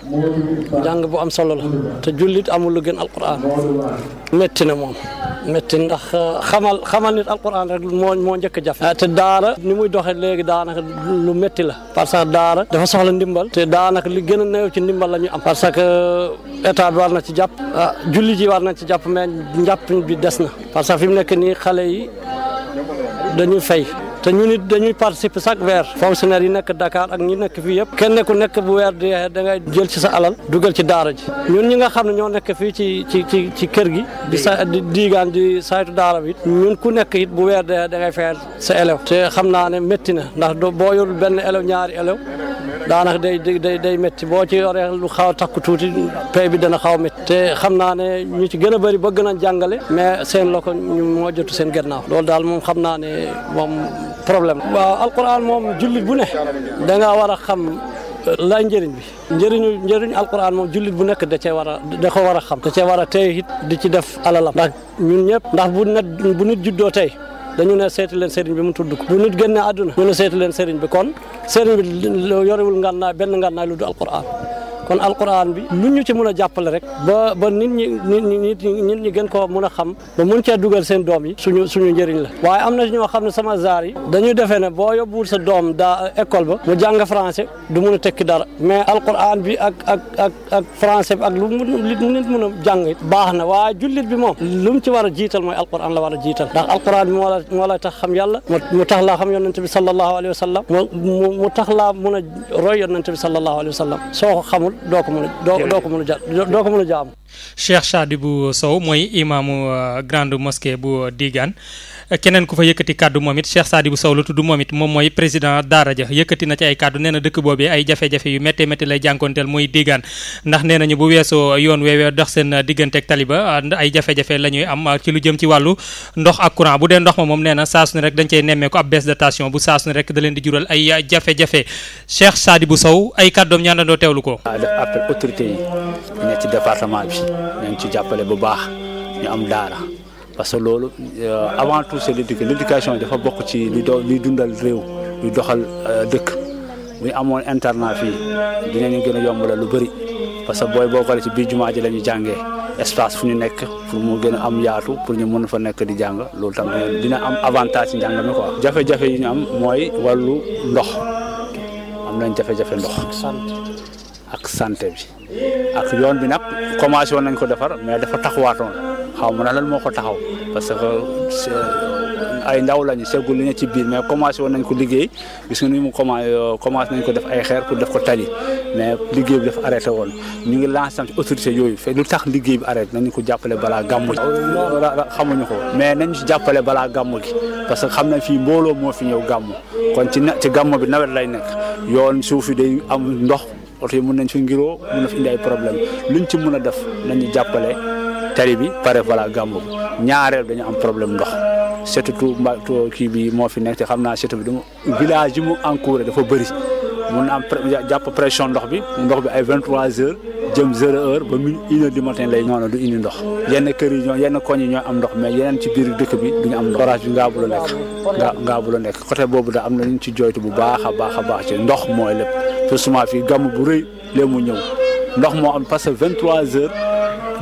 J: njàng bu am solo la te jullit amul lu gën alquran métti na moom métti ndax euh, xamal xamal nit alquran rek moo moo njëkk jafe ah, te daara ni muy doxee léegi daanaka lu métti la parce que daara dafa soxla ndimbal te daanaka li gën a néew ci ndimbal la ñu am parce que euh, état war na ci jàpp ah jullit yi war nañ ci jàpp mais njàpp bi des na parce que fi mu nekk nii xale yi dañu fay te ñun it dañuy participer chaque weer fonctionnaire yi nekk dakaar ak ñi nekk fii yëpp kenn ku nekk bu weer di dangay jël ci sa alal dugal ci daara ji ñun ñi nga xam ne ñoo nekk fii ci ci ci ci kër gi di sa di diigaan di saytu daara bi ñun ku nekk it bu weer dee da ngay fayal sa élève te xam naa ne métti na ndax boo yorul benn élève ñaari élève daanaka day day day métti boo ci yoree lu xaw a takku tuuti pay bi dana xaw a métti te xam naa ne ñu ci gën a bëri bëgg nañ jàngale mais seen loko ñu moo jotu seen gannaaw loolu daal moom xam naa ne moom problème waaw alquran moom jullit bu ne da nga war a xam euh, la njëriñ bi njëriñu njëriñu alquran moom jullit bu nekk da ce war a da ko war a xam da cee war a tey it di ci def alalam ndax ñun ñëpp ndax bu net bu tey dañu ne seeti leen sëriñ bi mu tudd ko bu nit génnee àdduna ñu ne seeti leen sëriñ bi kon sëriñ bi yorewul ngànnaay benn ngànnaay lu du alquran kon alquran bi lu ñu ci mën a jàppale rek ba ba nit ñi nit ñi nit ñi nit ñi gën koo mën a xam ba mën cee dugal seen doom yi suñu suñu njëriñ la waaye am na ñoo xam ne sama zaar yi dañuy defee ne boo yóbbuwul sa doom daa école ba mu jàng français du mun a tekki dara mais alquran bi ak ak ak ak français bi ak lu mu nit mën a jàng baax na waaye jullit bi moom lu mu ci war a jiital mooy alquran la war jiital ndax alquran bi moo la moo tax xam yàlla mu tax laa xam yonente bi sallallahu alayhi wa sallam mu tax laa mën a roy yonente bi sallallahu alayhi wa sallam soo ko xamul doo ko mën a a doo ko mën
D: a Sow mooy imaamu euh, grande mosquée bu Digane keneen ku fa yëkkati kàddu moom it Cheikh Sadibou Sow la tudd moom it moom mooy président daara ja yëkkati na ci ay kàddu nee na dëkk boobee ay jafe-jafe yu méttee métti ndax nee nañu bu weesoo yoon weewee dox seen diggante ak taliba ay jafe la ñuy am ah, ci lu jëm ci wàllu ndox ak courant bu dee ndox ma moom nee na saasu rek dañ cey nemmee ko ab baisse de tension bu saasu ne rek da leen di jural ay jafe-jafe Cheikh Sadibou Sow ay kàddoom ñaanandoo teewlu ko
K: autorité yi ñu ci département bi nañ ci jàppale bu baax ñu am daara parce que loolu euh, avant tout c'est l'éducation l'éducation dafa bokk ci li do li dundal réew li doxal euh, dëkk bu amoon internat fii dinañu gën a yombale lu bëri parce que booy boo xoolee ci biir jumaa ji la ñu jàngee espace fu ñu nekk pour mu gën a am yaatu pour ñu mën fa nekk di jàng loolu tam dina am avantage ci njàng mi ko jafe-jafe yi ñu am mooy wàllu ndox am nañ jafe-jafe ndox. ak santé bi ak yoon bi nag commencé woon nañ ko defar mais dafa taxawaatoon. xaw ma moo ko taxaw parce que ay ndaw lañu seggul li ne ci biir mais commencé woon nañ ko liggéey gis nga ni mu euh, commencé nañ def ay xeer pour def ko tali mais liggéey bi dafa arrêté woon ñu ngi lancé tam ci yooyu fekk lu tax liggéey bi arrêté nañu ko jàppale balaa gàmmu xamuñu ko mais nañu jàppale balaa gàmmu gi parce que xam na fi mbooloo moo fi ñëw gàmmu kon ci ci gàmmu bi nawet lay nekk yoon suuf yi day am ndox oto yi mën nañ fi ngiroo mën na fi indi ay problème luñ ci mun a def nañu jàppale tali bi pare voilà gàmmu ñaareel dañu am problème ndox surtout mba kii bi moo fi nekk te xam naa surtout bi dama village yi mu encouré dafa bëri mun na am jàpp pression ndox bi ndox bi ay 23 heures jëm 0 heure ba minuit une heure du matin lay noonu du indi ndox yenn kër yi ñoo yenn koñ yi ñoo am ndox mais yeneen ci biir dëkk bi duñu am ndox forage bi ngaa bu la nekk ngaa ngaa bu la nekk côté boobu da am na ñu ci joytu bu baax a baax a baax ci ndox mooy lépp te souvent fii gàmm bu rëy léegi mu ñëw ndox moo am parce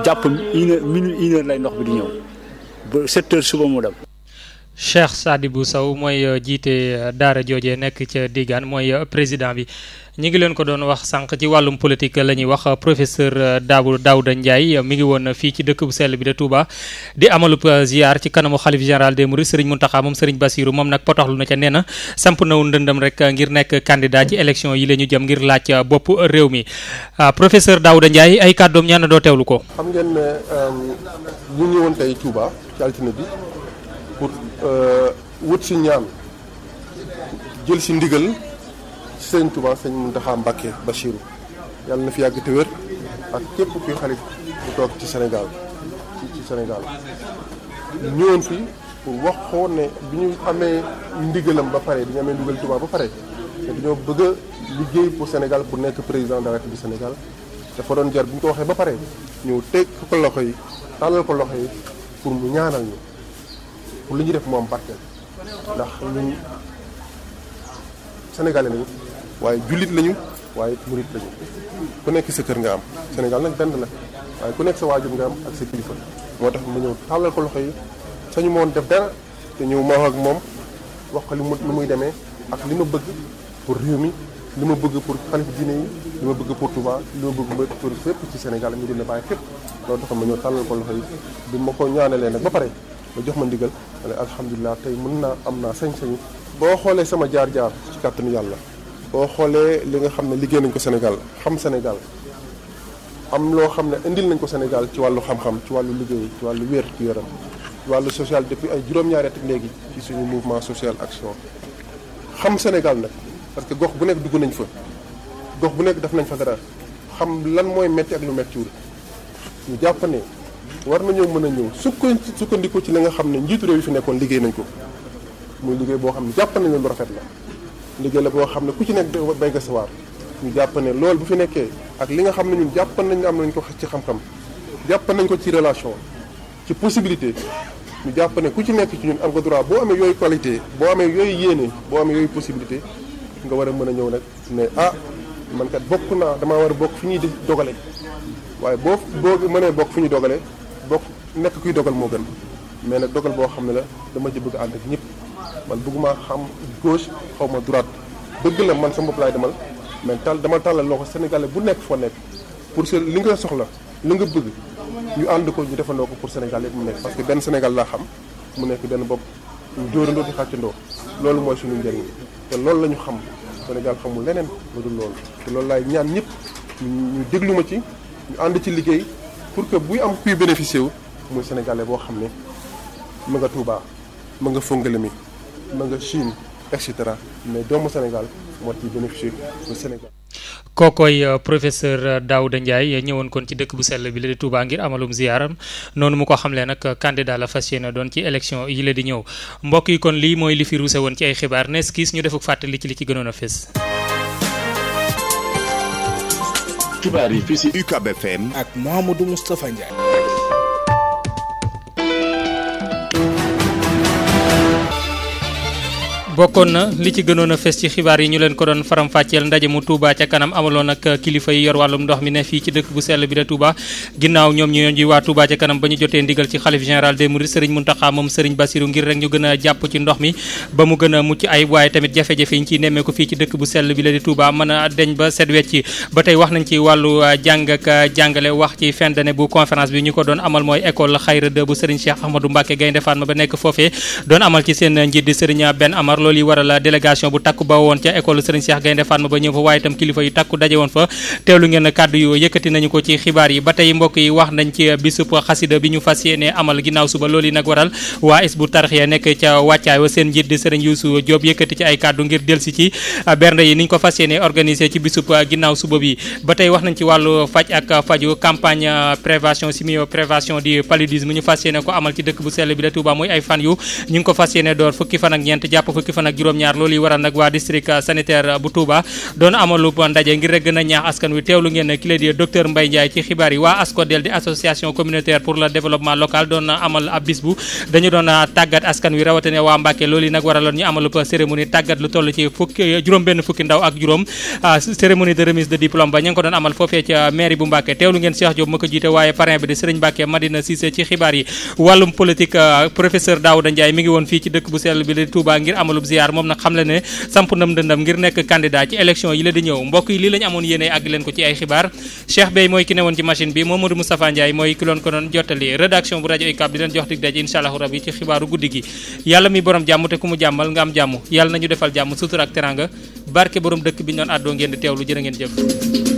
K: jàpp une heure minuit une heure lay ndox bi di ñëw ba 7 heures suba mu dem.
D: Cheikh Sadibou Sow mooy euh, jiite euh, daara joojee nekk ca Digane mooy euh, président bi ñu ngi leen ko doon wax sànq ci wàllum politique la ñuy wax professeur Daabu Daouda Ndiaye mi ngi woon fii ci dëkk bu sell bi de Touba di amalub ziar ci kanamu xalif général des Mourides Serigne Mountakha moom Serigne Bassirou moom nag potaxlu na ca nee na samp nawu ndëndam rek ngir nekk candidat ci élection yi la ñu jëm ngir laaj bopp réew mi professeur Daouda njaay ay kàddoom ñaan doo teewlu ko.
L: Euh, wut si ñaan jël si ndigal sëñ Touba sëñ Mountakha Mbacké Bachirou yàlla na fi yàgg te ak képp kuy xalif bu toog ci Sénégal ci Sénégal ñëwoon fi pour wax ko ne bi ñu amee ndigalam ba pare bi ñu amee ndigal Touba ba pare te dañoo bëgg liggéey pour Sénégal pour nekk président de la République du Sénégal dafa doon jar bu ñu ko waxee ba pare ñëw teg ko loxo yi tàllal ko loxo yi pour mu ñaanal ñu lu ñu def moom barkeel ndax ñu senegale lañu waaye jullit lañu waaye murit lañu ku nekk sa kër nga am Sénégal nag benn la waaye ku nekk sa waajur nga am ak sa kilifa moo tax mu ñëw tàllal ko loxo yi sañu moon def dara ñëw ma ak moom wax ko li mu li muy demee ak li ma bëgg pour réew mi li ma bëgg pour xalif diine yi li ma bëgg ma bëgg fépp ci Sénégal mi dina bàyyi loolu tax ma ñëw tàllal ko loxo yi bi ma ko ñaanalee nag ba pare ba jox ma ndigal ma ne tey mën naa am naa sañ-sañu boo xoolee sama jaar-jaar ci kàttanu yàlla boo xoolee li nga xam ne liggéey nañ ko Sénégal xam Sénégal am loo xam ne indil nañ ko Sénégal ci wàllu xam-xam ci wàllu liggéey ci wàllu wér ci yaram ci wàllu social depuis ay juróom-ñaari at léegi ci suñu mouvement social action xam Sénégal nag parce que gox bu nekk dugg nañ fa gox bu nekk def nañ fa dara xam lan mooy métti ak lu méttiwul ñu jàpp war nañoo mën a ñëw sukkandiku ci li nga xam ne njiitu réew yi fi nekkoon liggéey nañ ko muy liggéey boo xam ne jàpp nañ lu rafet la liggéey la boo xam ne ku ci nekk bay nga sawaar ñu jàpp ne loolu bu fi nekkee ak li nga xam ne ñun jàpp nañ am nañ ko ci xam-xam jàpp nañ ko ci relation ci possibilité ñu jàpp ne ku ci nekk ci ñun am nga droit boo amee yooyu qualité boo amee yooyu yéene boo amee yooyu possibilité nga war a mën a ñëw nag ne ah man kat bokk naa damaa war a bokk fi ñuy dogale waaye boo boo mënee bokk fi ñu dogale bokk nekk kuy dogal moo gën mais nag dogal boo xam ne la dama ci bëgg ànd ak ñëpp man bëgguma xam gauche xaw ma droite dëgg la man sama bopp laay demal mais tal dama tàllal loxo sénégalais bu nekk foo nekk pour se li nga soxla li nga bëgg ñu ànd ko ñu defandoo ko pour Sénégal mu nekk parce que benn Sénégal laa mu nekk benn bopp ñu dóorandoo di xàccandoo loolu mooy suñu njariñ te loolu la ñu xam Sénégal xamul leneen lu dul loolu te loolu laay ñaan ñëpp ñu déglu ma ci ñu ànd ci liggéey pour que buy am kuy bénéficier wu muy sénégalais boo xam ne ma nga Touba ma nga Fongolimbi ma nga cetera mais doomu Sénégal moo ciy bénéficier muy Sénégal.
D: kookooy euh, professeur euh, Daouda Ndiaye ñëwoon kon ci dëkk bu sell bi la di Touba ngir amalum ziyaaram noonu mu ko xamle nag euh, candidat la fas yéene doon ci élection yi la di ñëw mbokk yi kon lii mooy li fi ruuse woon ci ay xibaar nes kiis ñu defuk fàttali ci li ci gënoon a fés.
G: xibaar yi fii si UCAB FM ak Mouhamadou Moustapha Ndiaye.
D: bokkoon na li ci gënoon a fes ci xibaar yi ñu leen ko doon faram-fàcceel ndaje mu Touba ca kanam amaloon ak kilifa yi yor wàllum ndox mi ne fii ci dëkk bu sell bi de Touba ginnaaw ñoom ñu ji waa kanam ba ñu jotee ndigal ci xalif général des Mourides Serigne Mountakha moom rek ñu gën a jàpp ci ndox mi ba mu gën a mucc ayib waaye tamit jafe yi ñu ciy nemmee ko fii ci dëkk bu sell bi la di Touba mën a deñ ba set wet ci ba tey wax nañ ci wàllu uh, jàng ak uh, jàngale wax ci fin d'année bu conférence bi ñu ko doon amal mooy école Khayra 2 bu Serigne Cheikh Ahmadou Mbacké Gaynde Fatma ba nekk foofee doon amal ci seen njiit di Serigne benn Amar loolu yi waral délégation bu takku ba woon ca école Serigne Cheikh Gaynde Fatma ba ñëw fa waaye itam kilifa yu takku daje woon fa teewlu ngeen kàddu yu yëkkati nañu ko ci xibaar yi ba tey mbokk yi wax nañ ci bisub xasida bi ñu fas yéene amal wa seen njiit di Serigne Youssou Diop yëkkati ci ay kàddu ngir delsi bisub ginnaaw suba bi ba tey wax nañ ci wàllu faj ak faju campagne prévention simio prévention du paludisme ñu fas yéene ko amal ci dëkk bu sell bi la Touba muy ay fan yu ñu ngi ko fas yéene door fukki fan ak fukki fan ak juróom-ñaar loolu yi waral nag waa district sanitaire bu Touba doon amalu ndaje ngir rek gën a ñaax askan wi teewlu ngeen ki di docteur Mbaye Ndiaye ci xibaar yi waa ASCODEL di association communautaire pour le développement local doon amal ab dañu doon tàggat askan wi rawatina waa Mbàkke loolu yi nag waraloon ñu amalu cérémonie tàggat lu toll ci fukki juróom-benn fukki ndaw ak juróom ah, cérémonie de remise de diplôme ba ña ngi ko doon Diop ziar moom nag xam le ne samp ndam dëndam ngir nekk candidat ci élection yi la di ñëw mbokk yi lii lañ amoon yéene àgg leen ko ci ay xibaar Cheikh Bey mooy ki newoon ci machine bi Mamadou Moustapha Ndiaye mooy ki ko doon jottali rédaction bu rajo UCAB di leen jox dig daje incha allahu ci xibaaru guddi gi yàlla mi borom jàmm te ku mu jàmmal nga am jàmm yàlla nañu defal jàmm sutur ak teranga barke borom dëkk bi ñu doon àddoo ngeen di teewlu jërë ngeen jëf